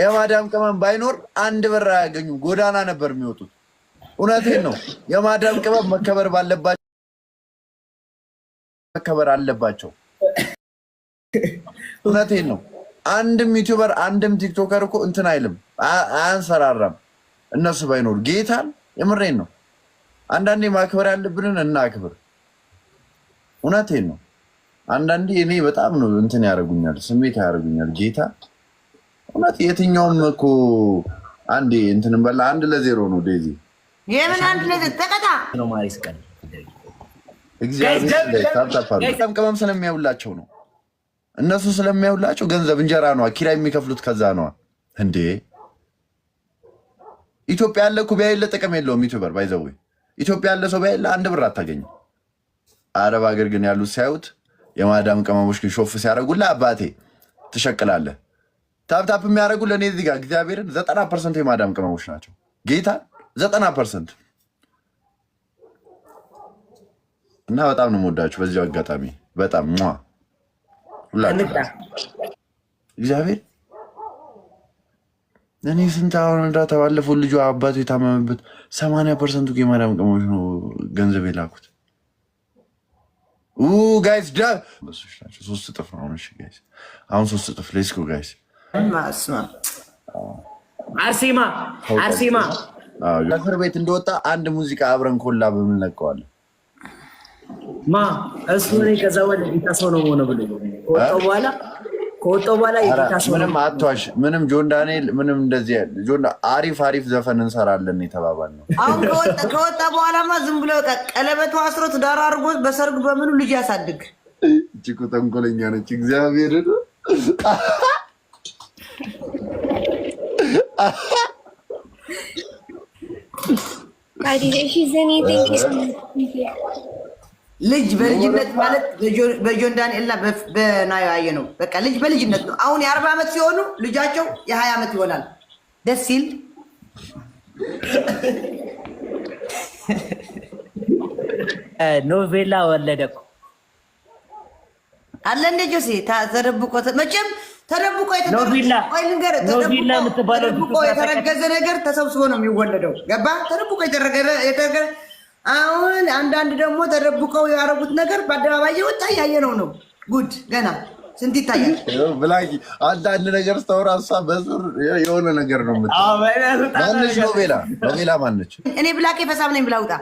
የማዳም ቅመም ባይኖር አንድ ብር አያገኙም። ጎዳና ነበር የሚወጡት። እውነቴን ነው። የማዳም ቅመም መከበር ባለባቸው መከበር አለባቸው። እውነቴን ነው። አንድም ዩቲዩበር አንድም ቲክቶከር እኮ እንትን አይልም፣ አያንሰራራም። እነሱ ባይኖር ጌታን የምሬን ነው። አንዳንዴ ማክበር ያለብንን እናክብር። እውነቴን ነው። አንዳንዴ እኔ በጣም ነው እንትን ያደርጉኛል፣ ስሜት ያደርጉኛል ጌታ እውነት የትኛውም እኮ አንዴ እንትንም በላ አንድ ለዜሮ ነው። ዴዚ የምን አንድ ለዜሮ ተቀጣ ነው ማሪስ ቀን እግዚአብሔር ቅመም ስለሚያውላቸው ነው። እነሱ ስለሚያውላቸው ገንዘብ እንጀራ ነዋ። ኪራይ የሚከፍሉት ከዛ ነዋ። እንዴ ኢትዮጵያ ያለ ኩቢያ የለ ጥቅም የለውም። ዩቱበር ባይዘዌ ኢትዮጵያ ያለ ሰው ባይለ አንድ ብር አታገኝ። አረብ ሀገር ግን ያሉት ሲያዩት የማዳም ቅመሞች ግን ሾፍ ሲያደርጉላ አባቴ ትሸቅላለህ ታፕታፕ የሚያደርጉ ለእኔ እዚህ ጋር እግዚአብሔርን ዘጠና ፐርሰንት የማዳም ቅመሞች ናቸው። ጌታ ዘጠና ፐርሰንት እና በጣም ነው የምወዳችሁ። በዚሁ አጋጣሚ በጣም ሟ እግዚአብሔር እኔ ስንት አሁን እንዳታ ባለፈው ልጁ አባቱ የታመመበት ሰማንያ ፐርሰንቱ የማዳም ቅመሞች ነው ገንዘብ የላኩት። ጋይስ ዳ ሶስት እጥፍ ነው። አሁን ሶስት እጥፍ ሌስኮ ጋይስ አርሴማ አርሴማ ከእስር ቤት እንደወጣ አንድ ሙዚቃ አብረን ኮላ በምንለቀዋለን። ማ እሱ እኔ ከዛ ወደ ጌታ ሰው ነው ሆነ ብሎ ከወጣሁ በኋላ ከወጣሁ በኋላ የጌታ ሰው ምንም አትዋሽ፣ ምንም ጆን ዳንኤል፣ ምንም እንደዚህ ያለ ጆን አሪፍ አሪፍ ዘፈን እንሰራለን የተባባል ነው። አሁን ከወጣ በኋላማ ዝም ብሎ ቀለበቱ አስሮ ትዳር አድርጎ በሰርግ በምኑ ልጅ ያሳድግ። እጅግ ተንኮለኛ ነች እግዚአብሔር ነው ልጅ በልጅነት ማለት በጆን ዳንኤልና በናዮ አየ ነው። በቃ ልጅ በልጅነት ነው። አሁን የአርባ ዓመት ሲሆኑ ልጃቸው የሀያ ዓመት ይሆናል። ደስ ሲል ኖቬላ ወለደ አለ እንደ ጆሴ ተደብቆ መቼም ተደብቆ የተረገዘ ነገር ተሰብስቦ ነው የሚወለደው። ገባ? ተደብቆ የተረገዘ አሁን አንዳንድ ደግሞ ተደብቀው ያደረጉት ነገር በአደባባይ የወጣ ያየ ነው ነው ጉድ ገና ስንት ይታያል። ብላ አንዳንድ ነገር ስታወራ እሷ በዙር የሆነ ነገር ነው የምትማነች። ኖቬላ ኖቬላ ማነች? እኔ ብላቄ ፈሳም ነኝ ብላ ውጣ